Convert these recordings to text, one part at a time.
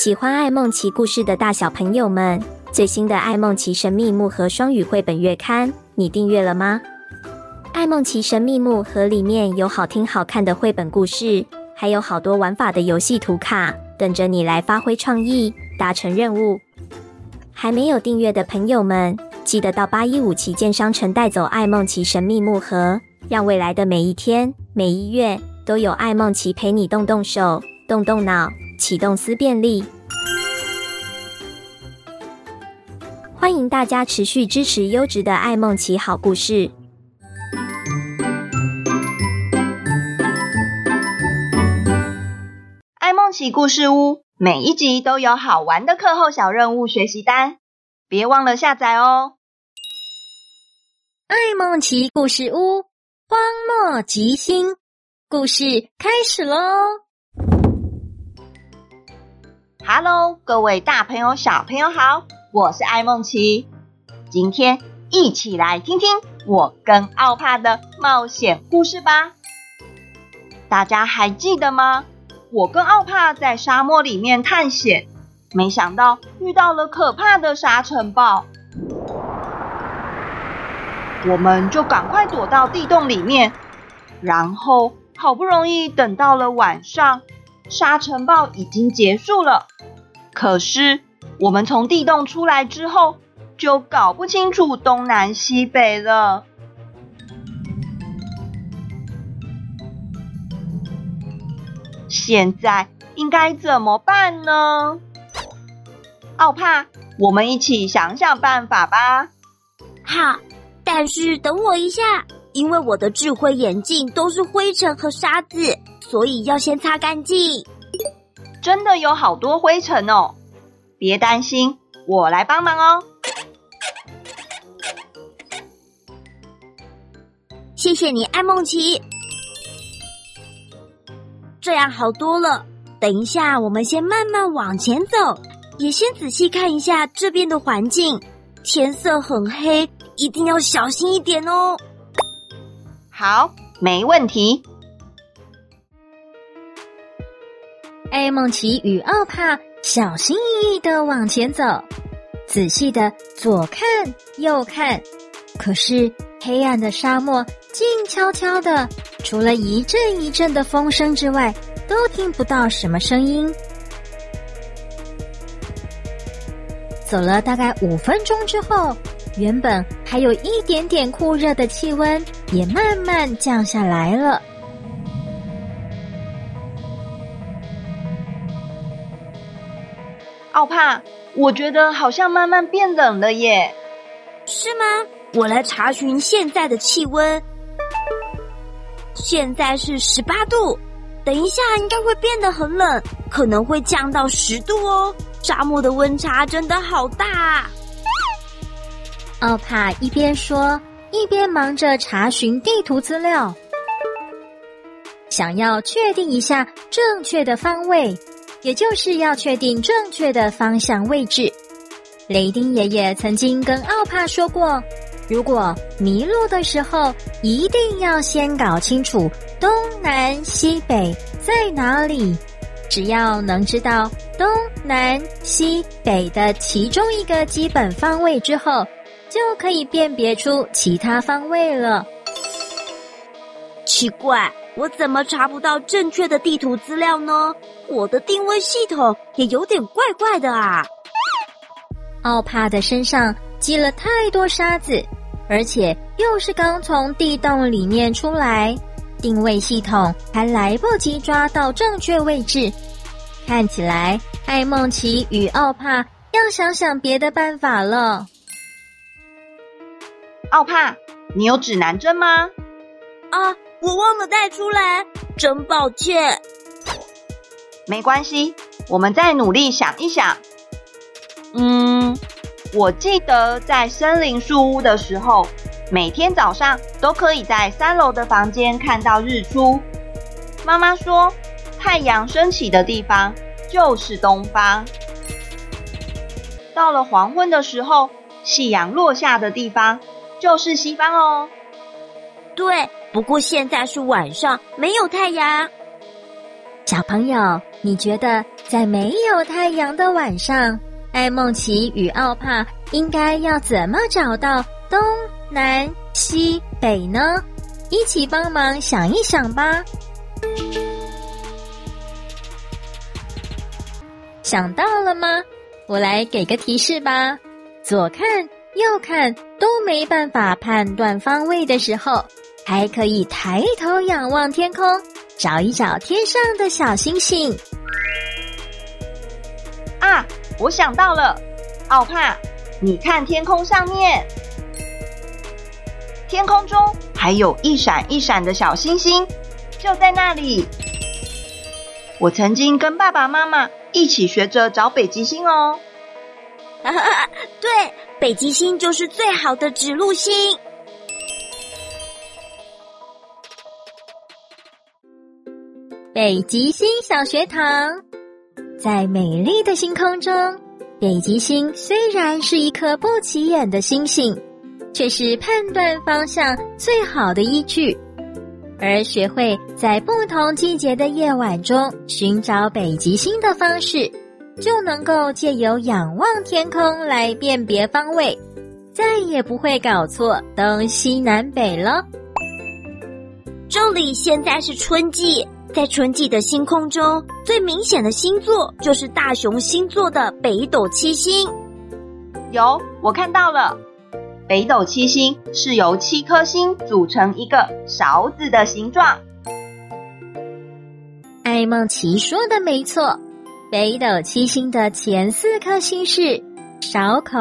喜歡《愛孟奇》故事的大小朋友們，最新的《愛孟奇神祕木盒雙語繪本月刊》，你訂閱了嗎？《愛孟奇神祕木盒》裡面有好聽、好看的繪本故事，還有好多玩法的遊戲圖卡，等着你來發揮創意，達成任務。還沒有訂閱的朋友們，記得到八一五旗艦商城帶走《愛孟奇神祕木盒》，讓未來的每一天、每一月都有《愛孟奇》陪你動動手、動動腦。啟動思辨力，歡迎大家持續支持優質的《愛孟奇好故事》。愛孟奇故事屋每一集都有好玩的課後小任務學習單，別忘了下載哦。愛孟奇故事屋荒漠極星故事開始嘍！Hello，各位大朋友、小朋友好，我是愛孟奇，今天一起來聽聽我跟奧帕的冒險故事吧。大家還記得嗎？我跟奧帕在沙漠裡面探險，沒想到遇到了可怕的沙塵暴，我們就趕快躲到地洞裡面，然後好不容易等到了晚上。沙塵暴已經結束了，可是我們從地洞出來之後，就搞不清楚東南西北了。現在應該怎麼辦呢？奧帕，我們一起想想辦法吧。好，但是等我一下，因為我的智慧眼鏡都是灰塵和沙子。所以要先擦乾淨。真的有好多灰塵哦，別擔心，我來幫忙哦。謝謝你，愛孟奇。這樣好多了。等一下，我們先慢慢往前走，也先仔細看一下這邊的環境。天色很黑，一定要小心一點哦。好，沒問題。愛孟奇與奧帕小心翼翼地往前走，仔細地左看右看，可是黑暗的沙漠靜悄悄的，除了一陣一陣的風聲之外，都聽不到什麼聲音。走了大概五分鐘之後，原本還有一點點酷熱的氣溫也慢慢降下來了。奧帕，我覺得好像慢慢變冷了耶，是嗎？我來查詢現在的氣溫，現在是十八度，等一下應該會變得很冷，可能會降到十度哦。沙漠的溫差真的好大啊。奧帕一邊說，一邊忙着查詢地圖資料，想要確定一下正確的方位。也就是要確定正確的方向位置。雷丁爺爺曾經跟奧帕說過，如果迷路的時候，一定要先搞清楚東南西北在哪裡。只要能知道東南西北的其中一個基本方位之後，就可以辨別出其他方位了。奇怪。我怎麼查不到正確的地圖資料呢？我的定位系統也有點怪怪的啊！奧帕的身上積了太多沙子，而且又是剛從地洞裡面出來，定位系統還來不及抓到正確位置。看起來愛孟奇與奧帕要想想別的辦法了。奧帕，你有指南針嗎？啊。我忘了帶出來，真抱歉。沒關係，我們再努力想一想。嗯，我記得在森林樹屋的時候，每天早上都可以在三樓的房間看到日出。媽媽說，太陽升起的地方就是東方。到了黃昏的時候，夕陽落下的地方就是西方哦。對。不過現在是晚上，沒有太陽。小朋友，你覺得在沒有太陽的晚上，愛孟奇與奧帕應該要怎麼找到東南西北呢？一起幫忙想一想吧。想到了嗎？我來給個提示吧：左看右看都沒辦法判斷方位的時候，還可以抬頭仰望天空，找一找天上的小星星。啊，我想到了，奧帕，你看天空上面，天空中還有一閃一閃的小星星，就在那裡。我曾經跟爸爸媽媽一起學着找北極星哦。啊，對，北極星就是最好的指路星。北極星小學堂，在美麗的星空中，北極星雖然是一顆不起眼的星星，卻是判斷方向最好的依據。而學會在不同季節的夜晚中尋找北極星的方式，就能夠借由仰望天空來辨別方位，再也不會搞錯東西南北了。這裡現在是春季。在春季的星空中，最明顯的星座就是大熊星座的北斗七星。有，我看到了。北斗七星是由七顆星組成一個勺子的形狀。愛孟奇說的沒錯，北斗七星的前四顆星是勺口，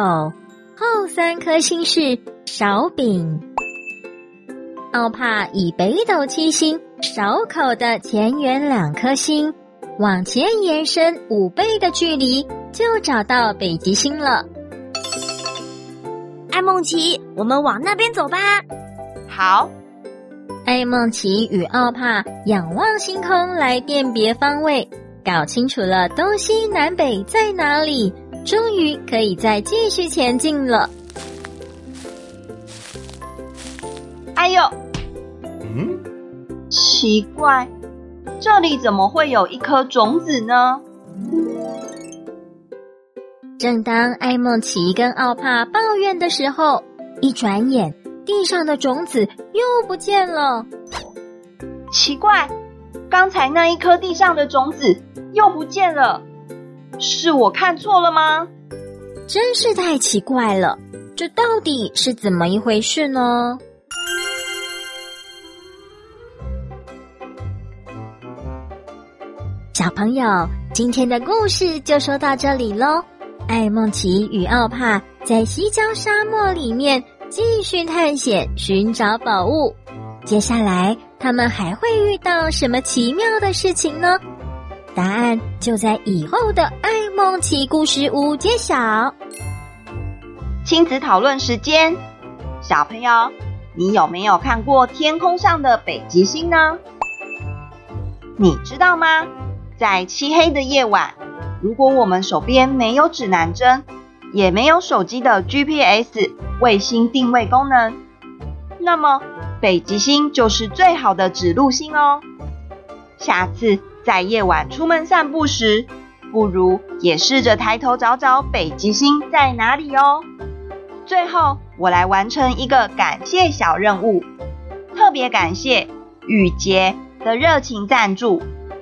後三顆星是勺柄。奧帕，以北斗七星。勺口的前緣兩顆星，往前延伸五倍的距離，就找到北極星了。愛孟奇，我們往那邊走吧。好。愛孟奇與奧帕仰望星空，來辨別方位，搞清楚了東西南北在哪裡，終於可以再繼續前進了。哎呦，嗯？奇怪，這裡怎麼會有一顆種子呢？正當愛孟奇跟奧帕抱怨的時候，一轉眼地上的種子又不見了。奇怪，剛才那一顆地上的種子又不見了，是我看錯了嗎？真是太奇怪了，這到底是怎麼一回事呢？小朋友，今天的故事就說到這裡嘍。愛孟奇與奧帕在西郊沙漠裡面繼續探險，尋找寶物。接下來他們還會遇到什麼奇妙的事情呢？答案就在以後的《愛孟奇故事屋》揭曉。親子討論時間，小朋友，你有沒有看過天空上的北極星呢？你知道嗎？在漆黑的夜晚，如果我們手邊沒有指南針，也沒有手機的 GPS 衛星定位功能，那麼北極星就是最好的指路星哦。下次在夜晚出門散步時，不如也試着抬頭找找北極星在哪裡哦。最後，我來完成一個感謝小任務，特別感謝雨杰的熱情贊助。